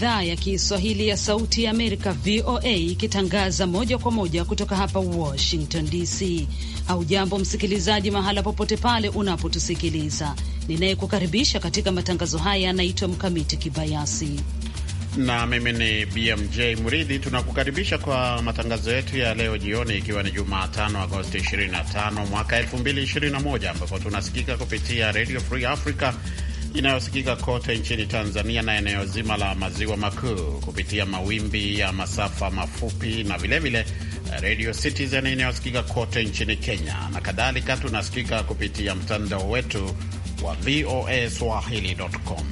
idhaa ya Kiswahili ya Sauti ya Amerika, VOA, ikitangaza moja kwa moja kutoka hapa Washington DC. Haujambo msikilizaji, mahala popote pale unapotusikiliza. Ninayekukaribisha katika matangazo haya anaitwa Mkamiti Kibayasi na mimi ni BMJ mridhi Tunakukaribisha kwa matangazo yetu ya leo jioni, ikiwa ni Jumatano Agosti 25 mwaka 2021, ambapo tunasikika kupitia Radio Free Africa inayosikika kote nchini Tanzania na eneo zima la maziwa makuu kupitia mawimbi ya masafa mafupi na vilevile eh, Radio Citizen inayosikika kote nchini Kenya na kadhalika. Tunasikika kupitia mtandao wetu wa voa swahili.com.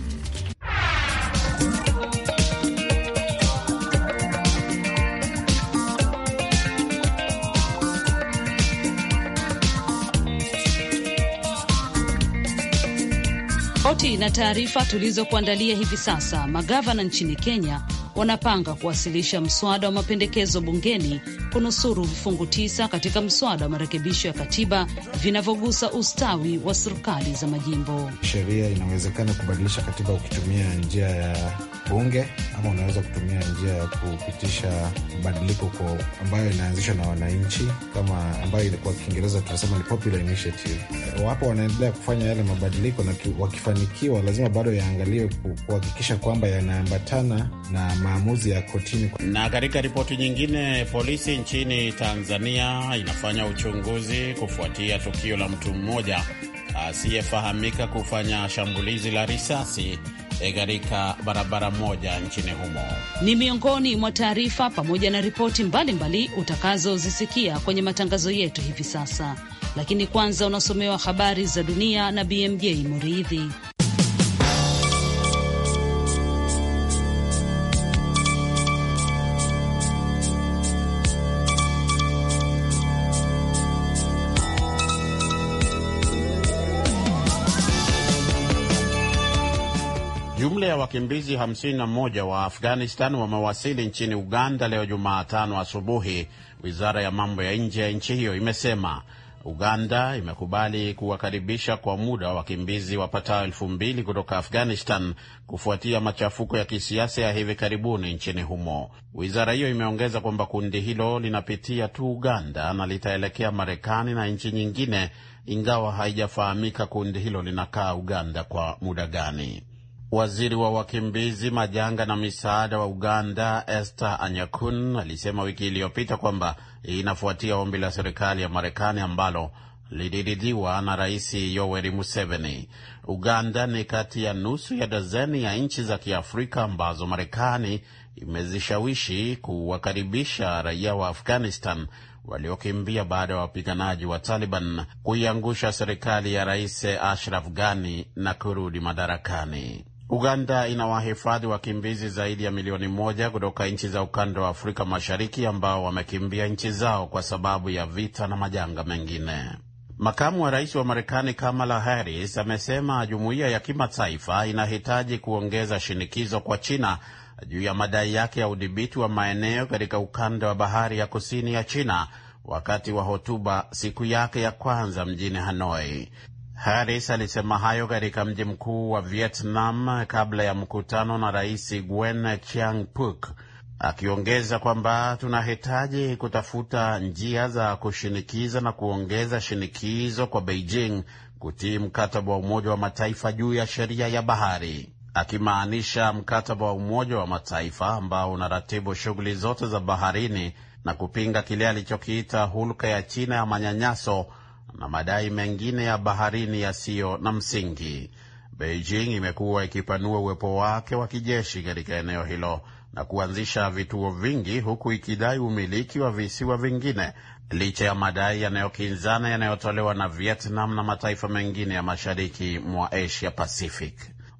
tofauti na taarifa tulizokuandalia hivi sasa, magavana nchini Kenya wanapanga kuwasilisha mswada wa mapendekezo bungeni kunusuru vifungu tisa katika mswada wa marekebisho ya katiba vinavyogusa ustawi wa serikali za majimbo. Sheria inawezekana kubadilisha katiba ukitumia njia ya bunge ama unaweza kutumia njia ya kupitisha mabadiliko ambayo inaanzishwa na wananchi, kama ambayo kwa Kiingereza tunasema ni popular initiative. Wapo wanaendelea kufanya yale mabadiliko, na wakifanikiwa lazima bado yaangaliwe kuhakikisha kwamba yanaambatana na maamuzi ya kotini. Na katika ripoti nyingine, polisi nchini Tanzania inafanya uchunguzi kufuatia tukio la mtu mmoja asiyefahamika kufanya shambulizi la risasi eh, katika barabara moja nchini humo. Ni miongoni mwa taarifa pamoja na ripoti mbalimbali utakazozisikia kwenye matangazo yetu hivi sasa, lakini kwanza unasomewa habari za dunia na BMJ Muridhi. ya wakimbizi 51 wa Afghanistan wamewasili nchini Uganda leo Jumatano asubuhi, wizara ya mambo ya nje ya nchi hiyo imesema. Uganda imekubali kuwakaribisha kwa muda wakimbizi wapatao elfu mbili kutoka Afghanistan kufuatia machafuko ya kisiasa ya hivi karibuni nchini humo. Wizara hiyo imeongeza kwamba kundi hilo linapitia tu Uganda na litaelekea Marekani na nchi nyingine, ingawa haijafahamika kundi hilo linakaa Uganda kwa muda gani. Waziri wa wakimbizi, majanga na misaada wa Uganda, Esther Anyakun, alisema wiki iliyopita kwamba inafuatia ombi la serikali ya Marekani ambalo liliridhiwa na Rais Yoweri Museveni. Uganda ni kati ya nusu ya dazeni ya nchi za Kiafrika ambazo Marekani imezishawishi kuwakaribisha raia wa Afghanistan waliokimbia baada ya wapiganaji wa Taliban kuiangusha serikali ya Rais Ashraf Ghani na kurudi madarakani. Uganda ina wahifadhi wakimbizi zaidi ya milioni moja kutoka nchi za ukanda wa Afrika Mashariki ambao wamekimbia nchi zao kwa sababu ya vita na majanga mengine. Makamu wa rais wa Marekani Kamala Harris amesema jumuiya ya kimataifa inahitaji kuongeza shinikizo kwa China juu ya madai yake ya udhibiti wa maeneo katika ukanda wa bahari ya kusini ya China wakati wa hotuba siku yake ya kwanza mjini Hanoi. Harris alisema hayo katika mji mkuu wa Vietnam kabla ya mkutano na Rais Gwen Chiang Puk, akiongeza kwamba tunahitaji kutafuta njia za kushinikiza na kuongeza shinikizo kwa Beijing kutii mkataba wa Umoja wa Mataifa juu ya sheria ya bahari, akimaanisha mkataba wa Umoja wa Mataifa ambao unaratibu shughuli zote za baharini na kupinga kile alichokiita hulka ya China ya manyanyaso na madai mengine ya baharini yasiyo na msingi. Beijing imekuwa ikipanua uwepo wake wa kijeshi katika eneo hilo na kuanzisha vituo vingi huku ikidai umiliki wa visiwa vingine licha ya madai yanayokinzana yanayotolewa na Vietnam na mataifa mengine ya mashariki mwa Asia Pacific.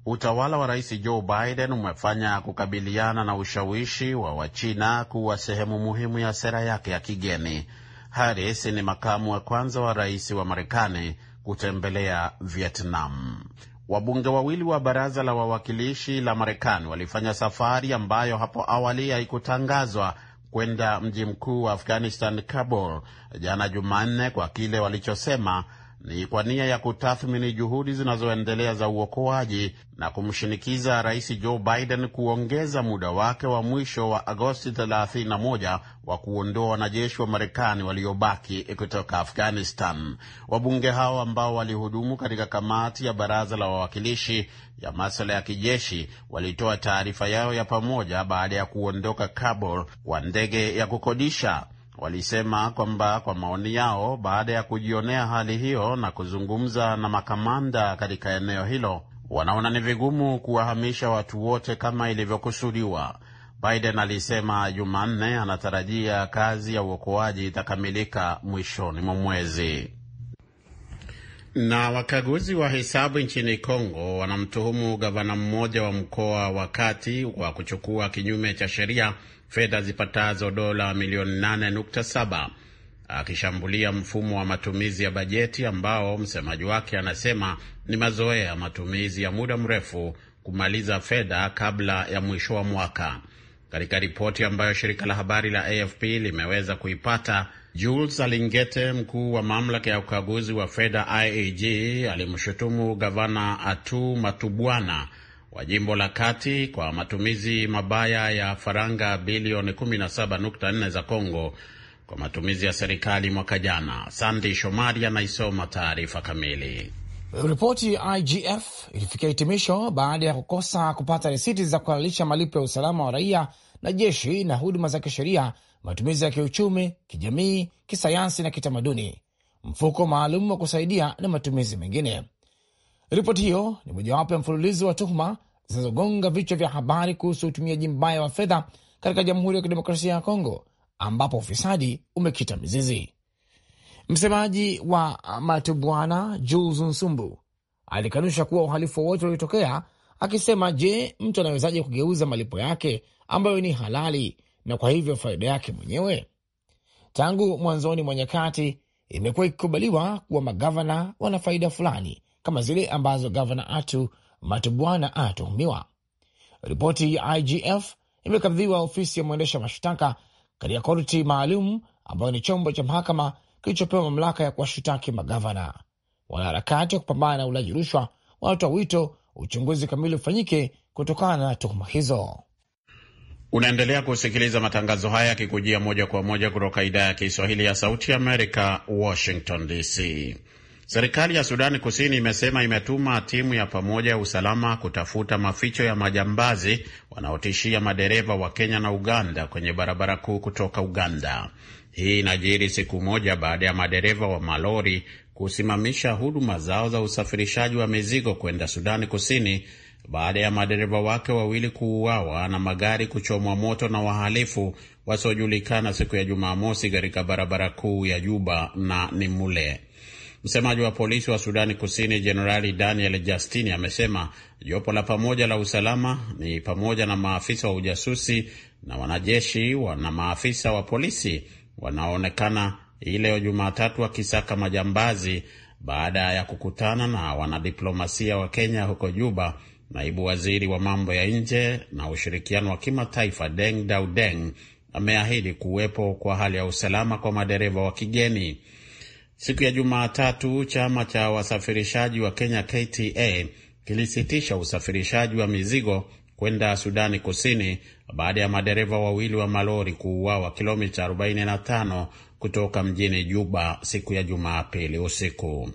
Utawala wa Rais Joe Biden umefanya kukabiliana na ushawishi wa Wachina kuwa sehemu muhimu ya sera yake ya kigeni. Harris ni makamu wa kwanza wa rais wa Marekani kutembelea Vietnam. Wabunge wawili wa baraza la wawakilishi la Marekani walifanya safari ambayo hapo awali haikutangazwa kwenda mji mkuu wa Afghanistan, Kabul, jana Jumanne, kwa kile walichosema ni kwa nia ya kutathmini juhudi zinazoendelea za uokoaji na kumshinikiza Rais Joe Biden kuongeza muda wake wa mwisho wa Agosti 31 wa kuondoa wanajeshi wa Marekani waliobaki kutoka Afghanistan. Wabunge hao ambao walihudumu katika kamati ya baraza la wawakilishi ya masuala ya kijeshi walitoa taarifa yao ya pamoja baada ya kuondoka Kabul kwa ndege ya kukodisha walisema kwamba kwa maoni yao, baada ya kujionea hali hiyo na kuzungumza na makamanda katika eneo hilo, wanaona ni vigumu kuwahamisha watu wote kama ilivyokusudiwa. Biden alisema Jumanne anatarajia kazi ya uokoaji itakamilika mwishoni mwa mwezi. Na wakaguzi wa hesabu nchini Kongo wanamtuhumu gavana mmoja wa mkoa wa kati wa kuchukua kinyume cha sheria fedha zipatazo dola milioni 8.7 akishambulia mfumo wa matumizi ya bajeti ambao msemaji wake anasema ni mazoea matumizi ya muda mrefu kumaliza fedha kabla ya mwisho wa mwaka. Katika ripoti ambayo shirika la habari la AFP limeweza kuipata, Jules Alingete, mkuu wa mamlaka ya ukaguzi wa fedha IAG, alimshutumu gavana Atu Matubwana wa jimbo la kati kwa matumizi mabaya ya faranga bilioni 17.4 za congo kwa matumizi ya serikali mwaka jana. Sandi Shomari anaisoma taarifa kamili. Ripoti ya IGF ilifikia hitimisho baada ya kukosa kupata risiti za kuhalalisha malipo ya usalama wa raia na jeshi na huduma za kisheria, matumizi ya kiuchumi, kijamii, kisayansi na kitamaduni, mfuko maalum wa kusaidia na matumizi mengine. Ripoti hiyo ni mojawapo ya mfululizo wa tuhuma zinazogonga vichwa vya habari kuhusu utumiaji mbaya wa fedha katika Jamhuri ya Kidemokrasia ya Kongo, ambapo ufisadi umekita mizizi. Msemaji wa Matubwana Jules Nsumbu alikanusha kuwa uhalifu wowote uliotokea, akisema, je, mtu anawezaje kugeuza malipo yake ambayo ni halali na kwa hivyo faida yake mwenyewe? Tangu mwanzoni mwa nyakati imekuwa ikikubaliwa kuwa magavana wana faida fulani kama zile ambazo gavana Atu Matubwana atuhumiwa. Ripoti ya IGF imekabidhiwa ofisi ya mwendesha mashtaka katika korti maalum ambayo ni chombo cha mahakama kilichopewa mamlaka ya kuwashitaki magavana. Wanaharakati wa kupambana na ulaji rushwa wanatoa wito uchunguzi kamili ufanyike kutokana na tuhuma hizo. Unaendelea kusikiliza matangazo haya yakikujia moja kwa moja kutoka idhaa ya Kiswahili ya Sauti ya Amerika, Washington DC. Serikali ya Sudani Kusini imesema imetuma timu ya pamoja ya usalama kutafuta maficho ya majambazi wanaotishia madereva wa Kenya na Uganda kwenye barabara kuu kutoka Uganda. Hii inajiri siku moja baada ya madereva wa malori kusimamisha huduma zao za usafirishaji wa mizigo kwenda Sudani Kusini baada ya madereva wake wawili kuuawa na magari kuchomwa moto na wahalifu wasiojulikana siku ya Jumamosi katika barabara kuu ya Juba na Nimule. Msemaji wa polisi wa Sudani Kusini Jenerali Daniel Justini amesema jopo la pamoja la usalama ni pamoja na maafisa wa ujasusi na wanajeshi na maafisa wa polisi wanaoonekana ileo Jumatatu wakisaka majambazi baada ya kukutana na wanadiplomasia wa Kenya huko Juba. Naibu waziri wa mambo ya nje na ushirikiano wa kimataifa Deng Daudeng ameahidi kuwepo kwa hali ya usalama kwa madereva wa kigeni. Siku ya Jumatatu, chama cha wasafirishaji wa Kenya KTA kilisitisha usafirishaji wa mizigo kwenda Sudani Kusini baada ya madereva wawili wa malori kuuawa kilomita 45 kutoka mjini Juba siku ya Jumapili usiku.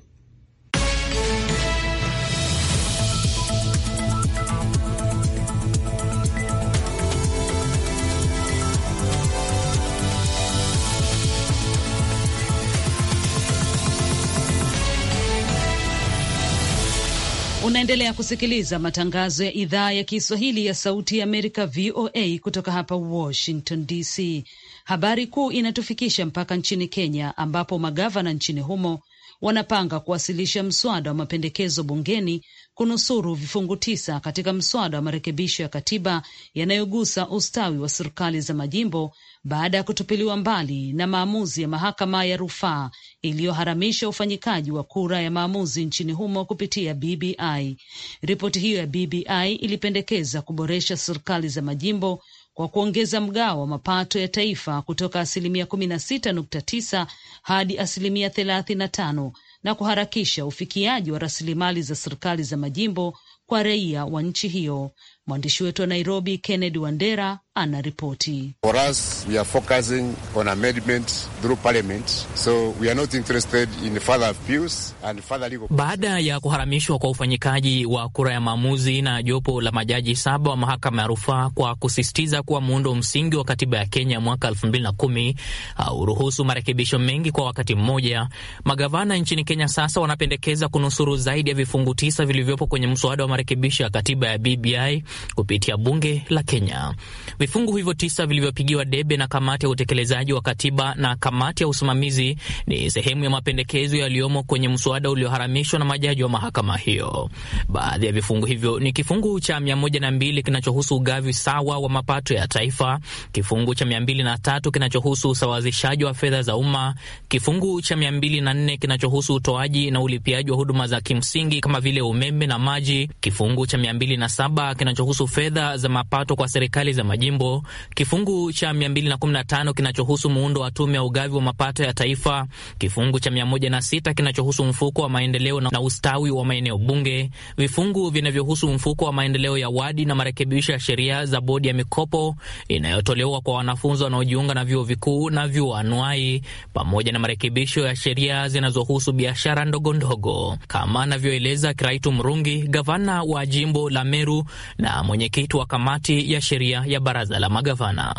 Unaendelea kusikiliza matangazo ya idhaa ya Kiswahili ya Sauti ya Amerika, VOA, kutoka hapa Washington DC. Habari kuu inatufikisha mpaka nchini Kenya, ambapo magavana nchini humo wanapanga kuwasilisha mswada wa mapendekezo bungeni kunusuru vifungu tisa katika mswada wa marekebisho ya katiba yanayogusa ustawi wa serikali za majimbo baada ya kutupiliwa mbali na maamuzi ya mahakama ya rufaa iliyoharamisha ufanyikaji wa kura ya maamuzi nchini humo kupitia BBI. Ripoti hiyo ya BBI ilipendekeza kuboresha serikali za majimbo kwa kuongeza mgao wa mapato ya taifa kutoka asilimia kumi na sita nukta tisa hadi asilimia thelathini na tano na kuharakisha ufikiaji wa rasilimali za serikali za majimbo kwa raia wa nchi hiyo. Mwandishi wetu wa Nairobi, Kennedy Wandera, anaripoti. Baada ya kuharamishwa kwa ufanyikaji wa kura ya maamuzi na jopo la majaji saba wa mahakama ya rufaa kwa kusisitiza kuwa muundo msingi wa katiba ya Kenya mwaka 21 mbili hauruhusu uh, marekebisho mengi kwa wakati mmoja, magavana nchini Kenya sasa wanapendekeza kunusuru zaidi ya vifungu tisa vilivyopo kwenye mswada wa marekebisho ya katiba ya BBI kupitia bunge la Kenya. Vifungu hivyo tisa vilivyopigiwa debe na kamati ya utekelezaji wa katiba na kamati ya usimamizi ni sehemu ya mapendekezo yaliyomo kwenye mswada ulioharamishwa na majaji wa mahakama hiyo. Baadhi ya vifungu hivyo ni kifungu cha mbili kinachohusu ugavi sawa wa mapato ya taifa, kifungu cha tatu kinachohusu usawazishaji wa fedha za umma, kifungu cha nne kinachohusu utoaji na ulipiaji wa huduma za kimsingi kama vile umeme na maji, kifungu cha saba kinacho kinachohusu fedha za mapato kwa serikali za majimbo, kifungu cha 215 kinachohusu muundo wa tume ya ugavi wa mapato ya taifa, kifungu cha 106 kinachohusu mfuko wa maendeleo na ustawi wa maeneo bunge, vifungu vinavyohusu mfuko wa maendeleo ya wadi na marekebisho ya sheria za bodi ya mikopo inayotolewa kwa wanafunzi wanaojiunga na vyuo vikuu na vyuo anuai, pamoja na marekebisho ya sheria zinazohusu biashara ndogondogo, kama anavyoeleza Kiraitu Mrungi, gavana wa jimbo la Meru na mwenyekiti wa kamati ya sheria ya baraza la magavana.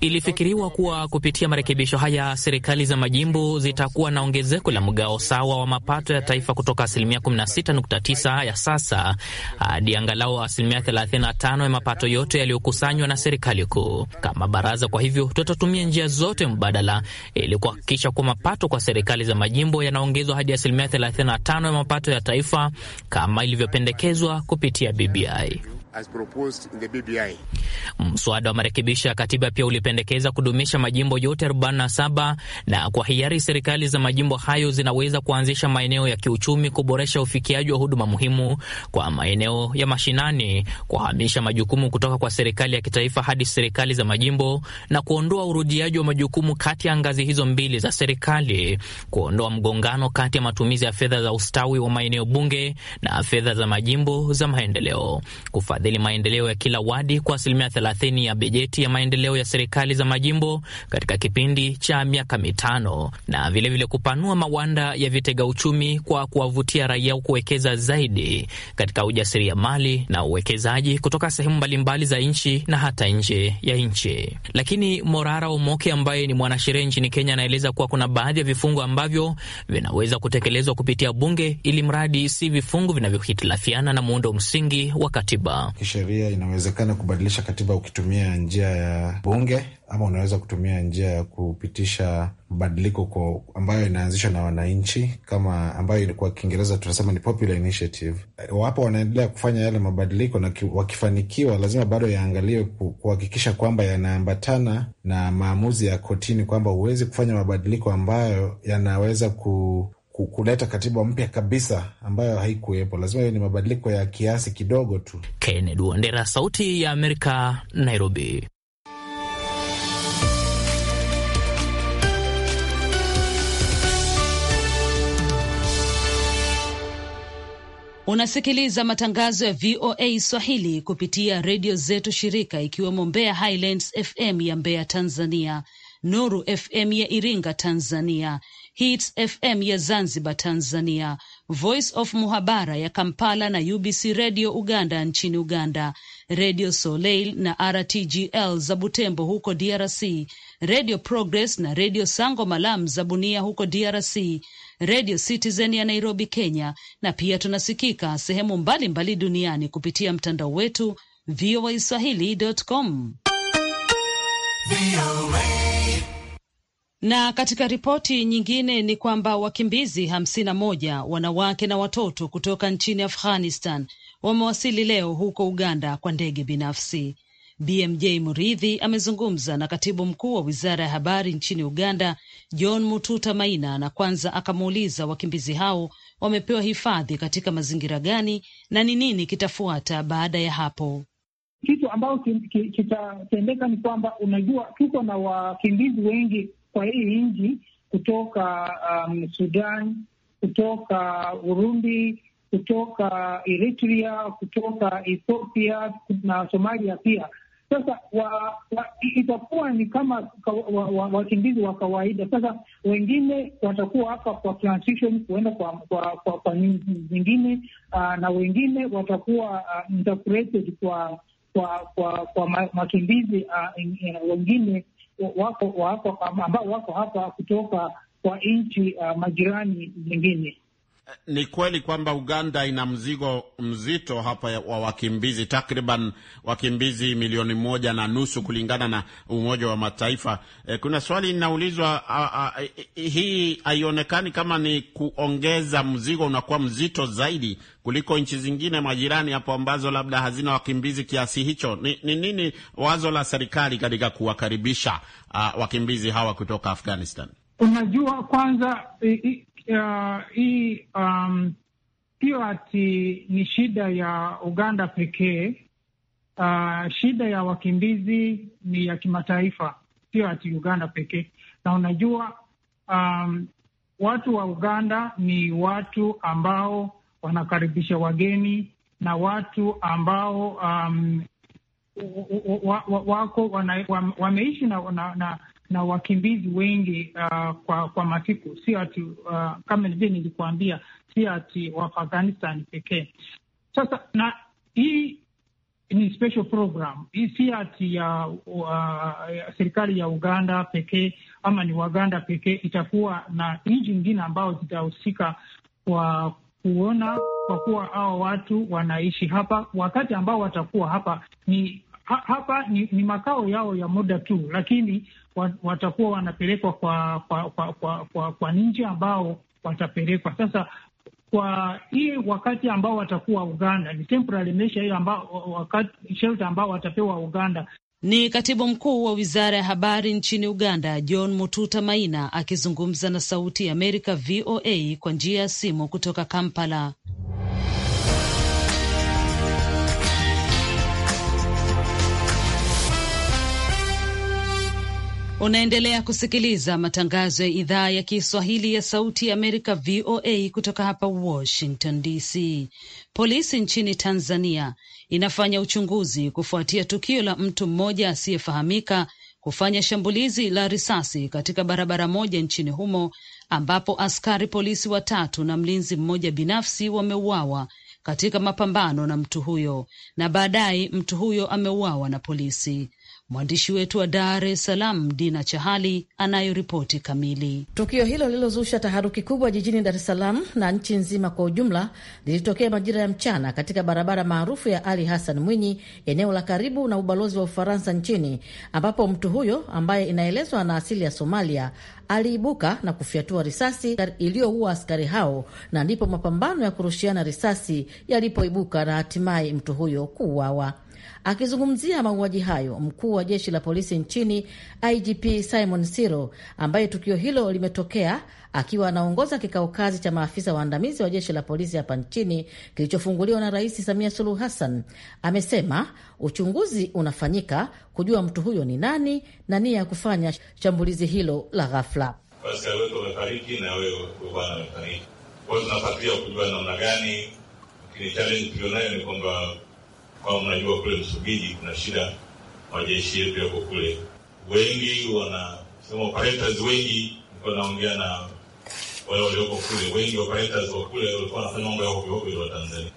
Ilifikiriwa kuwa kupitia marekebisho haya serikali za majimbo zitakuwa na ongezeko la mgao sawa wa mapato ya taifa kutoka asilimia 16.9 ya sasa hadi angalau asilimia 35 ya mapato yote yaliyokusanywa na serikali kuu. Kama baraza, kwa hivyo tutatumia njia zote mbadala ili kuhakikisha kuwa mapato kwa serikali za majimbo yanaongezwa hadi asilimia 35 ya mapato ya taifa kama kama ilivyopendekezwa kupitia BBI as proposed in the BBI. Mswada wa marekebisho ya katiba pia ulipendekeza kudumisha majimbo yote 47 na kwa hiari serikali za majimbo hayo zinaweza kuanzisha maeneo ya kiuchumi, kuboresha ufikiaji wa huduma muhimu kwa maeneo ya mashinani, kuhamisha majukumu kutoka kwa serikali ya kitaifa hadi serikali za majimbo na kuondoa urudiaji wa majukumu kati ya ngazi hizo mbili za serikali, kuondoa mgongano kati ya matumizi ya fedha za ustawi wa maeneo bunge na fedha za majimbo za maendeleo kufadhili maendeleo ya kila wadi kwa asilimia 30 ya bajeti ya maendeleo ya serikali za majimbo katika kipindi cha miaka mitano, na vilevile vile kupanua mawanda ya vitega uchumi kwa kuwavutia raia kuwekeza zaidi katika ujasiriamali na uwekezaji kutoka sehemu mbalimbali za nchi na hata nje ya nchi. Lakini Morara Omoke ambaye ni mwanasheria nchini Kenya anaeleza kuwa kuna baadhi ya vifungu ambavyo vinaweza kutekelezwa kupitia bunge, ili mradi si vifungu vinavyohitilafiana na muundo msingi wa katiba kisheria inawezekana kubadilisha katiba ukitumia njia ya bunge ama unaweza kutumia njia ya kupitisha mabadiliko kwa ambayo inaanzishwa na wananchi, kama ambayo kwa Kiingereza tunasema ni popular initiative. Wapo wanaendelea kufanya yale mabadiliko, na wakifanikiwa, lazima bado yaangaliwe kuhakikisha kwamba yanaambatana na maamuzi ya kotini, kwamba huwezi kufanya mabadiliko ambayo yanaweza ku kuleta katiba mpya kabisa ambayo haikuwepo. Lazima hiyo ni mabadiliko ya kiasi kidogo tu. Kennedy Wandera, Sauti ya Amerika, Nairobi. Unasikiliza matangazo ya VOA Swahili kupitia redio zetu shirika, ikiwemo Mbeya Highlands FM ya Mbeya Tanzania, Nuru FM ya Iringa Tanzania, Hits FM ya Zanzibar Tanzania, Voice of Muhabara ya Kampala na UBC Radio Uganda nchini Uganda, Radio Soleil na RTGL za Butembo huko DRC, Radio Progress na Radio Sango Malam za Bunia huko DRC, Radio Citizen ya Nairobi, Kenya, na pia tunasikika sehemu mbalimbali mbali duniani kupitia mtandao wetu voaswahili.com. Na katika ripoti nyingine ni kwamba wakimbizi hamsini na moja wanawake na watoto kutoka nchini Afghanistan wamewasili leo huko Uganda kwa ndege binafsi. BMJ Muridhi amezungumza na katibu mkuu wa wizara ya habari nchini Uganda, John Mututa Maina, na kwanza akamuuliza wakimbizi hao wamepewa hifadhi katika mazingira gani na ni nini kitafuata baada ya hapo. Kitu ambacho kitatendeka ni kwamba, unajua tuko na wakimbizi wengi kwa hii nchi kutoka um, Sudan, kutoka Burundi, kutoka Eritrea, kutoka Ethiopia na Somalia pia. Sasa wa, wa, itakuwa ni kama wakimbizi wa, wa, wa kawaida. Sasa wengine watakuwa hapa kwa transition kuenda kwa kwa, kwa, kwa uh, na wengine watakuwa uh, ah, integrated kwa kwa kwa, kwa makimbizi uh, wengine wako wako ambao wako hapa kutoka kwa nchi uh, majirani zingine. Eh, ni kweli kwamba Uganda ina mzigo mzito hapa wa wakimbizi, takriban wakimbizi milioni moja na nusu kulingana na Umoja wa Mataifa. E, kuna swali linaulizwa, hii haionekani kama ni kuongeza mzigo, unakuwa mzito zaidi kuliko nchi zingine majirani hapo ambazo labda hazina wakimbizi kiasi hicho. Ni, ni nini wazo la serikali katika kuwakaribisha wakimbizi hawa kutoka Afghanistan? Unajua, kwanza i, i, hii sio um, ati ni shida ya Uganda pekee. Uh, shida ya wakimbizi ni ya kimataifa, sio ati Uganda pekee. Na unajua um, watu wa Uganda ni watu ambao wanakaribisha wageni na watu ambao um, wako wameishi na, na, na, na wakimbizi wengi uh, kwa kwa masiku, sio ati uh, kama vile nilikuambia, sio ati wa Afghanistan pekee. Sasa na hii ni special program hii, si ati ya uh, serikali ya Uganda pekee ama ni Waganda pekee. Itakuwa na nchi nyingine ambao zitahusika kwa kuona kwa kuwa hao watu wanaishi hapa, wakati ambao watakuwa hapa ni ha, hapa ni, ni makao yao ya muda tu, lakini watakuwa wanapelekwa kwa kwa, kwa, kwa, kwa, kwa nchi ambao watapelekwa sasa kwa hii wakati ambao watakuwa Uganda ni temporary measure hiyo, ambao wakati shelter ambao watapewa Uganda. Ni katibu mkuu wa wizara ya habari nchini Uganda, John Mututa Maina akizungumza na Sauti ya Amerika VOA kwa njia ya simu kutoka Kampala. Unaendelea kusikiliza matangazo ya idhaa ya Kiswahili ya Sauti ya Amerika, VOA, kutoka hapa Washington DC. Polisi nchini Tanzania inafanya uchunguzi kufuatia tukio la mtu mmoja asiyefahamika kufanya shambulizi la risasi katika barabara moja nchini humo ambapo askari polisi watatu na mlinzi mmoja binafsi wameuawa katika mapambano na mtu huyo, na baadaye mtu huyo ameuawa na polisi. Mwandishi wetu wa Dar es Salaam, Dina Chahali, anayoripoti kamili. Tukio hilo lililozusha taharuki kubwa jijini Dar es Salaam na nchi nzima kwa ujumla lilitokea majira ya mchana katika barabara maarufu ya Ali Hassan Mwinyi, eneo la karibu na ubalozi wa Ufaransa nchini, ambapo mtu huyo ambaye inaelezwa ana asili ya Somalia aliibuka na kufyatua risasi iliyoua askari hao, na ndipo mapambano ya kurushiana risasi yalipoibuka na hatimaye mtu huyo kuuawa. Akizungumzia mauaji hayo, mkuu wa jeshi la polisi nchini IGP Simon Siro, ambaye tukio hilo limetokea akiwa anaongoza kikao kazi cha maafisa waandamizi wa jeshi la polisi hapa nchini kilichofunguliwa na Rais Samia Suluhu Hassan, amesema uchunguzi unafanyika kujua mtu huyo ni nani na nia ya kufanya shambulizi hilo la ghafla. Basi wetu na wewe bwana wamefariki kwao, tunafuatilia kujua namna gani, lakini challenge tulionayo ni kwamba kwa mnajua kule Msumbiji kuna shida, majeshi yetu yako kule, wengi wanasema operators wengi. Nilikuwa naongea na wale walioko kule, wengi operators wa kule walikuwa wanafanya mambo ya ovyo ovyo wa Tanzania.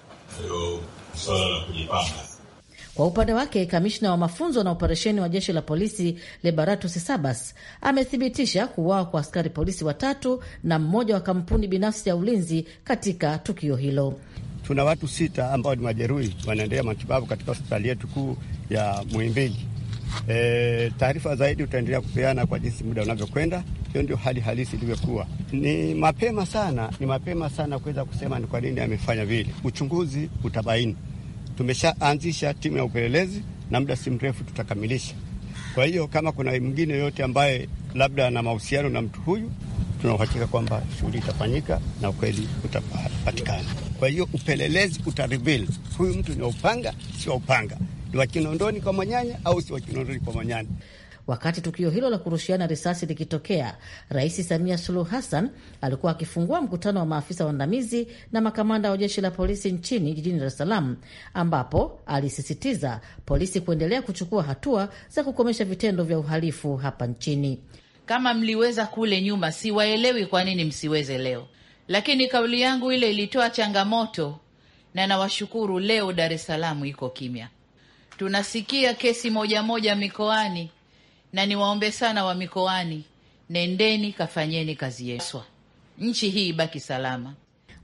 Ndio swala la kujipanga. Kwa upande wake kamishna wa mafunzo na operesheni wa jeshi la polisi Lebaratus Sabas amethibitisha kuuawa kwa askari polisi watatu na mmoja wa kampuni binafsi ya ulinzi katika tukio hilo. Tuna watu sita ambao ni majeruhi wanaendelea matibabu katika hospitali yetu kuu ya Muhimbili. E, taarifa zaidi utaendelea kupeana kwa jinsi muda unavyokwenda. Hiyo ndio hali halisi ilivyokuwa. Ni mapema sana, ni mapema sana kuweza kusema ni kwa nini amefanya vile. Uchunguzi utabaini. Tumeshaanzisha timu ya upelelezi na muda si mrefu tutakamilisha. Kwa hiyo kama kuna mwingine yoyote ambaye labda ana mahusiano na mtu huyu, tunauhakika kwamba shughuli itafanyika na ukweli utapatikana. Kwa hiyo upelelezi utareveal huyu mtu ni upanga sio upanga, ni wakinondoni kwa Manyanya au si wakinondoni kwa Manyanya. Wakati tukio hilo la kurushiana risasi likitokea, Rais Samia Suluhu Hassan alikuwa akifungua mkutano wa maafisa waandamizi na makamanda wa jeshi la polisi nchini jijini Dar es Salaam, ambapo alisisitiza polisi kuendelea kuchukua hatua za kukomesha vitendo vya uhalifu hapa nchini. Kama mliweza kule nyuma, siwaelewi kwa nini msiweze leo lakini kauli yangu ile ilitoa changamoto, na nawashukuru leo Dar es Salaam iko kimya. Tunasikia kesi moja moja mikoani, na niwaombe sana wa mikoani, nendeni kafanyeni kazi yeswa, nchi hii ibaki salama.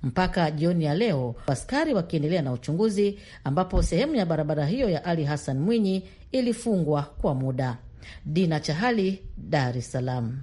Mpaka jioni ya leo askari wakiendelea na uchunguzi, ambapo sehemu ya barabara hiyo ya Ali Hassan Mwinyi ilifungwa kwa muda. Dina Chahali, Dar es Salaam.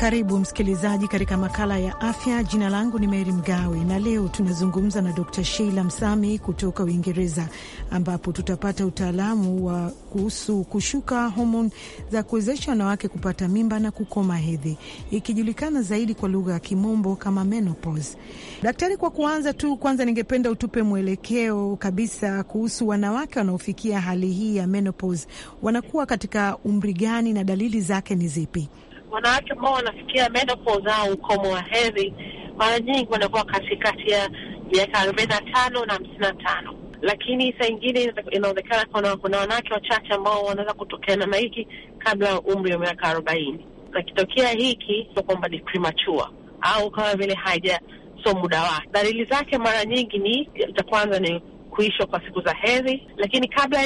Karibu msikilizaji katika makala ya afya. Jina langu ni Meri Mgawe na leo tunazungumza na Dr Sheila Msami kutoka Uingereza, ambapo tutapata utaalamu wa kuhusu kushuka homoni za kuwezesha wanawake kupata mimba na kukoma hedhi, ikijulikana zaidi kwa lugha ya Kimombo kama menopause. Daktari, kwa kuanza tu, kwanza ningependa utupe mwelekeo kabisa kuhusu wanawake wanaofikia hali hii ya menopause, wanakuwa katika umri gani na dalili zake ni zipi? wanawake ambao wanafikia menopause au ukomo wa hedhi mara nyingi wanakuwa katikati ya miaka arobaini na tano na hamsini na tano lakini saa ingine inaonekana kuna, kuna wanawake wachache ambao wanaweza kutokeana na hiki kabla ya umri wa miaka arobaini na kitokea hiki sio kwamba ni premature au kama vile haija so muda wake. Dalili zake mara nyingi ni, cha kwanza ni kuishwa kwa siku za hedhi, lakini kabla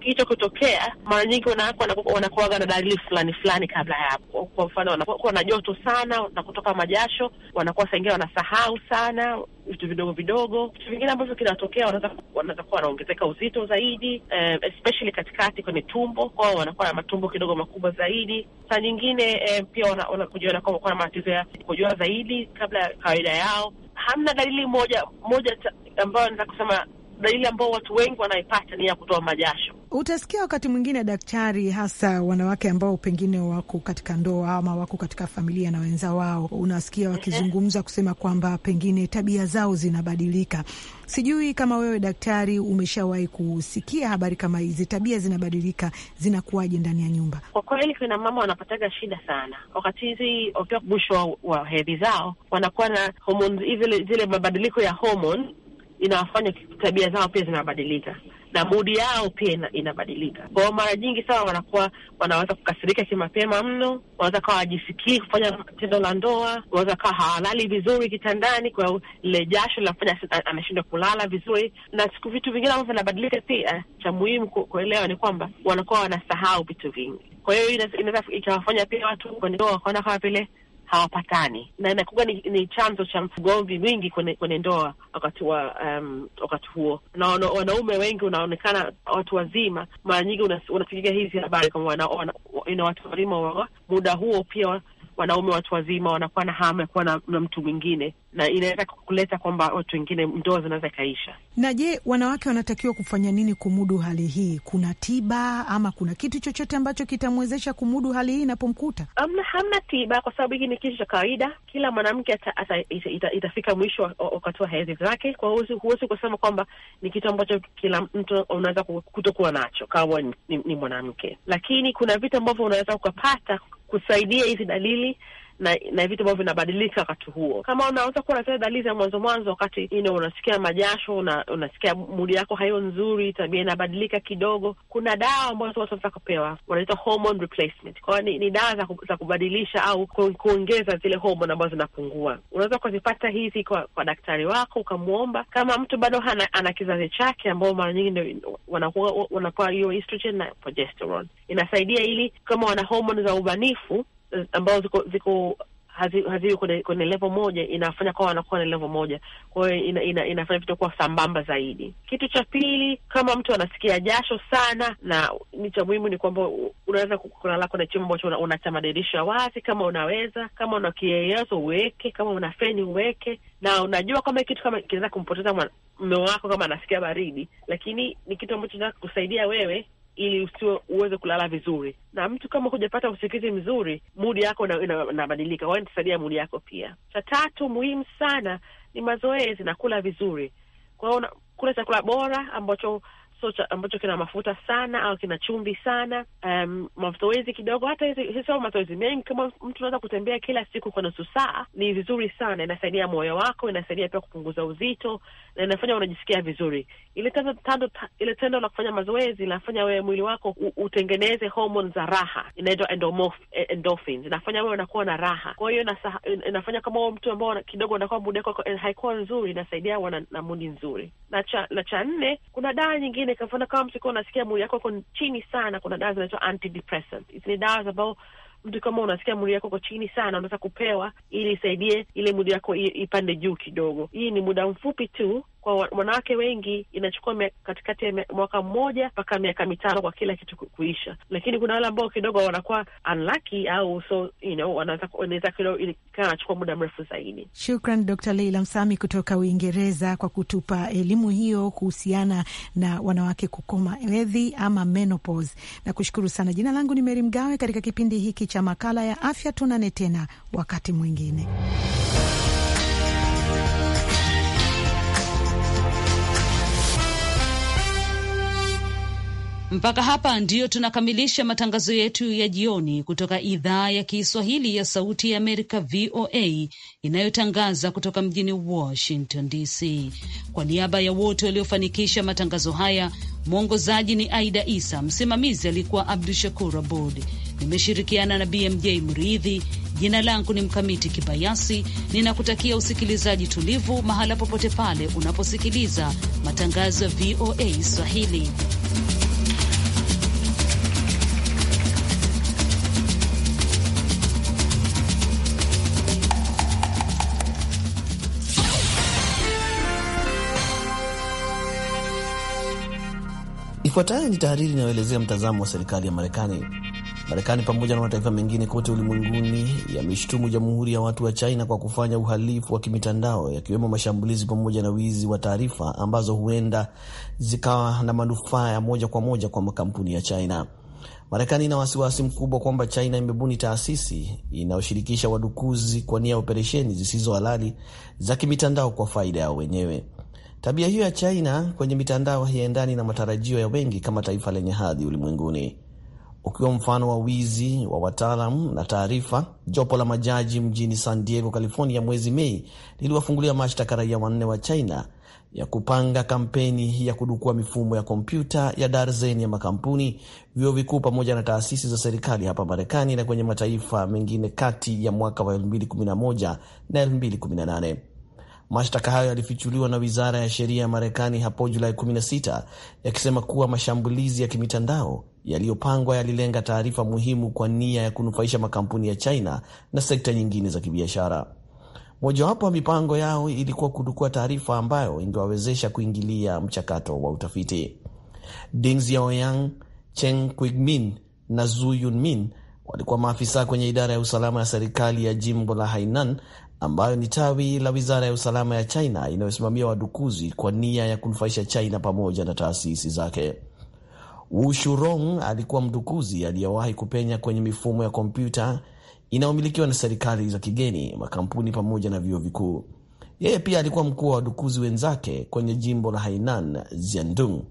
hicho kutokea, mara nyingi wanawake wanakuwaga na dalili fulani fulani kabla ya hapo. Kwa mfano, wanakuwa na joto sana na kutoka majasho, wanakuwa saingine wanasahau sana vitu vidogo vidogo. Vitu vingine ambavyo kinatokea, wanaweza kuwa wanaongezeka uzito zaidi, eh, especially katikati kwenye tumbo kwao, wanakuwa na matumbo kidogo makubwa zaidi. Saa nyingine eh, pia wanakujiona kwamba kuwa na matatizo ya kujua zaidi kabla ya kawaida yao. Hamna dalili moja moja ambayo naweza kusema na ile ambao watu wengi wanaipata ni ya kutoa majasho. Utasikia wakati mwingine daktari, hasa wanawake ambao pengine wako katika ndoa ama wako katika familia na wenza wao, unasikia mhm. wakizungumza kusema kwamba pengine tabia zao zinabadilika. Sijui kama wewe daktari umeshawahi kusikia habari kama hizi, tabia zinabadilika zinakuwaje ndani ya nyumba? Kwa kweli kina mama wanapataga shida sana wakati hizi wakiwa mwisho wa hedhi zao, wanakuwa na homoni, zile mabadiliko ya homoni inawafanya tabia zao pia zinabadilika na mudi yao pia inabadilika. Kwa hiyo mara nyingi sana wanakuwa wanaweza kukasirika kimapema mno, wanaweza kawa wajisikii kufanya tendo la ndoa, wanaweza kawa hawalali vizuri kitandani, kwa lile jasho linafanya anashindwa kulala vizuri, na siku vitu vingine ambavyo vinabadilika pia. Eh, cha muhimu kuelewa ni kwamba wanakuwa wanasahau vitu vingi, kwa hiyo inaweza ikawafanya pia watu kwenye ndoa wakaona kama vile hawapatani na inakuwa ni, ni chanzo cha mgomvi mwingi kwenye, kwenye ndoa wakati wa um, wakati huo na wanaume wengi unaonekana watu wazima, mara nyingi unasikia hizi habari kwamba ina watu wazima wa muda huo pia wanaume watu wazima wanakuwa na hamu ya kuwa na, na mtu mwingine, na inaweza kuleta kwamba watu wengine ndoa zinaweza ikaisha. Na je, wanawake wanatakiwa kufanya nini kumudu hali hii? Kuna tiba ama kuna kitu chochote ambacho kitamwezesha kumudu hali hii inapomkuta? Hamna, hamna tiba, kwa sababu hiki ni kitu cha kawaida. Kila mwanamke itafika ita, ita, ita mwisho wakati wa hedhi zake. Kwa hiyo huwezi kusema kwamba ni kitu ambacho kila mtu unaweza kutokuwa nacho kama ni, ni, ni mwanamke, lakini kuna vitu ambavyo unaweza ukapata kusaidia hizi dalili na, na vitu ambavyo vinabadilika wakati huo. Kama unaweza kuwa zile dalili za mwanzo mwanzo, wakati ino unasikia majasho, una, unasikia mudi yako haiyo nzuri, tabia inabadilika kidogo, kuna dawa ambazo watu wanataka kupewa, wanaita hormone replacement. Kwa hiyo ni, ni dawa za, za kubadilisha au kuongeza zile hormone ambazo zinapungua. Unaweza ukazipata hizi kwa, kwa daktari wako ukamwomba. Kama mtu bado ana, ana kizazi chake ambao mara nyingi wanakuwa wanapewa hiyo estrogen na progesterone, inasaidia ili kama wana hormone za ubanifu Eh, ambazo ziko ziko haziwi kwenye, kwenye level moja, inafanya kwa wanakuwa na level moja. Kwa hiyo ina, ina, inafanya vitu kuwa sambamba zaidi. Kitu cha pili, kama mtu anasikia jasho sana, na ni cha muhimu ni kwamba unaweza kulala kwenye chumba ambacho una, una madirisha wazi, kama unaweza, kama una kiyeyezo uweke, kama una feni uweke, na unajua kwamba kitu kama kinaweza kumpoteza mume wako kama anasikia baridi, lakini ni kitu ambacho kinaweza kusaidia wewe ili usiwe uweze kulala vizuri. Na mtu kama hujapata usingizi mzuri, mudi yako inabadilika, na, na inatusaidia mudi yako pia. Cha tatu muhimu sana ni mazoezi na kula vizuri, kwa hiyo kula chakula bora ambacho cha, ambacho kina mafuta sana au kina chumbi sana. Um, mazoezi kidogo, hata sio mazoezi mengi, kama mtu anaweza kutembea kila siku kwa nusu saa, ni vizuri sana. Inasaidia moyo wako, inasaidia pia kupunguza uzito na inafanya unajisikia vizuri. Ile tendo, tendo, ile tendo la kufanya mazoezi inafanya wewe mwili wako u, utengeneze za raha, inaitwa e, endorphins, inafanya wewe unakuwa na raha. Kwa hiyo inafanya kama mtu ambao kidogo unakuwa muda haikuwa nzuri, inasaidia wana na mudi nzuri. Na cha, na cha nne kuna dawa nyingine nyingine, kwa mfano kama mtu unasikia mwili yako uko chini sana, kuna dawa zinaitwa antidepressants. Hizi ni dawa ambao mtu kama unasikia mwili yako uko chini sana, unaweza kupewa ili isaidie ile mwili yako ipande juu kidogo. Hii ni muda mfupi tu, kwa wanawake wengi inachukua katikati ya mwaka mmoja mpaka miaka mitano kwa kila kitu kuisha, lakini kuna wale ambao kidogo wanakuwa unlucky au so you know, wanaweza anachukua muda mrefu zaidi. Shukran Dr. Leila Msami kutoka Uingereza kwa kutupa elimu hiyo kuhusiana na wanawake kukoma hedhi ama menopause. Na kushukuru sana. Jina langu ni Meri Mgawe katika kipindi hiki cha makala ya afya, tunane tena wakati mwingine. Mpaka hapa ndiyo tunakamilisha matangazo yetu ya jioni kutoka idhaa ya Kiswahili ya Sauti ya Amerika, VOA, inayotangaza kutoka mjini Washington DC. Kwa niaba ya wote waliofanikisha matangazo haya, mwongozaji ni Aida Isa, msimamizi alikuwa Abdu Shakur Abud, nimeshirikiana na BMJ Mridhi. Jina langu ni Mkamiti Kibayasi, ninakutakia usikilizaji tulivu mahala popote pale unaposikiliza matangazo ya VOA Swahili. Ifuatayo ni tahariri inayoelezea mtazamo wa serikali ya Marekani. Marekani pamoja na mataifa mengine kote ulimwenguni yameshutumu Jamhuri ya Watu wa China kwa kufanya uhalifu wa kimitandao, yakiwemo mashambulizi pamoja na wizi wa taarifa ambazo huenda zikawa na manufaa ya moja kwa moja kwa makampuni ya China. Marekani ina wasiwasi mkubwa kwamba China imebuni taasisi inayoshirikisha wadukuzi kwa nia ya operesheni zisizo halali za kimitandao kwa faida yao wenyewe. Tabia hiyo ya China kwenye mitandao haiendani na matarajio ya wengi kama taifa lenye hadhi ulimwenguni, ukiwa mfano wa wizi wa wataalam na taarifa. Jopo la majaji mjini San Diego, California, mwezi Mei liliwafungulia mashtaka raia wanne wa China ya kupanga kampeni ya kudukua mifumo ya kompyuta ya darzeni ya makampuni, vyuo vikuu pamoja na taasisi za serikali hapa Marekani na kwenye mataifa mengine kati ya mwaka wa 2011 na 2018. Mashtaka hayo yalifichuliwa na wizara ya sheria ya Marekani hapo Julai 16 yakisema kuwa mashambulizi ya kimitandao yaliyopangwa yalilenga taarifa muhimu kwa nia ya kunufaisha makampuni ya China na sekta nyingine za kibiashara. Mojawapo ya mipango yao ilikuwa kudukua taarifa ambayo ingewawezesha kuingilia mchakato wa utafiti. Ding Xiaoyang, Cheng Quigmin na Zu Yunmin walikuwa maafisa kwenye idara ya usalama ya serikali ya jimbo la Hainan ambayo ni tawi la wizara ya usalama ya China inayosimamia wadukuzi kwa nia ya kunufaisha China pamoja na taasisi zake. Wu Shurong alikuwa mdukuzi aliyewahi kupenya kwenye mifumo ya kompyuta inayomilikiwa na serikali za kigeni, makampuni pamoja na vyuo vikuu. Yeye pia alikuwa mkuu wa wadukuzi wenzake kwenye jimbo la Hainan, Xiandun.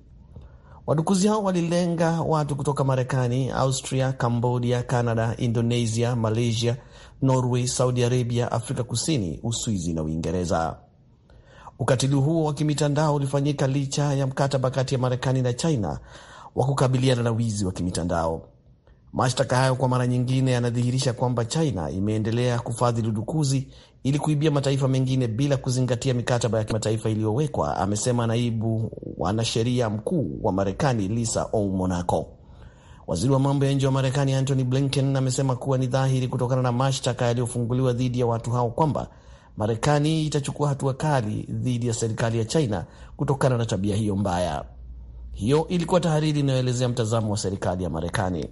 Wadukuzi hao walilenga watu kutoka Marekani, Austria, Cambodia, Canada, Indonesia, Malaysia, Norway, Saudi Arabia, Afrika Kusini, Uswizi na Uingereza. Ukatili huo wa kimitandao ulifanyika licha ya mkataba kati ya Marekani na China wa kukabiliana na wizi wa kimitandao. Mashtaka hayo kwa mara nyingine yanadhihirisha kwamba China imeendelea kufadhili udukuzi ili kuibia mataifa mengine bila kuzingatia mikataba ya kimataifa iliyowekwa, amesema naibu wanasheria mkuu wa Marekani Lisa o Monaco. Waziri wa mambo ya nje wa Marekani Antony Blinken amesema kuwa ni dhahiri kutokana na mashtaka yaliyofunguliwa dhidi ya watu hao kwamba Marekani itachukua hatua kali dhidi ya serikali ya China kutokana na tabia hiyo mbaya. Hiyo ilikuwa tahariri inayoelezea mtazamo wa serikali ya Marekani.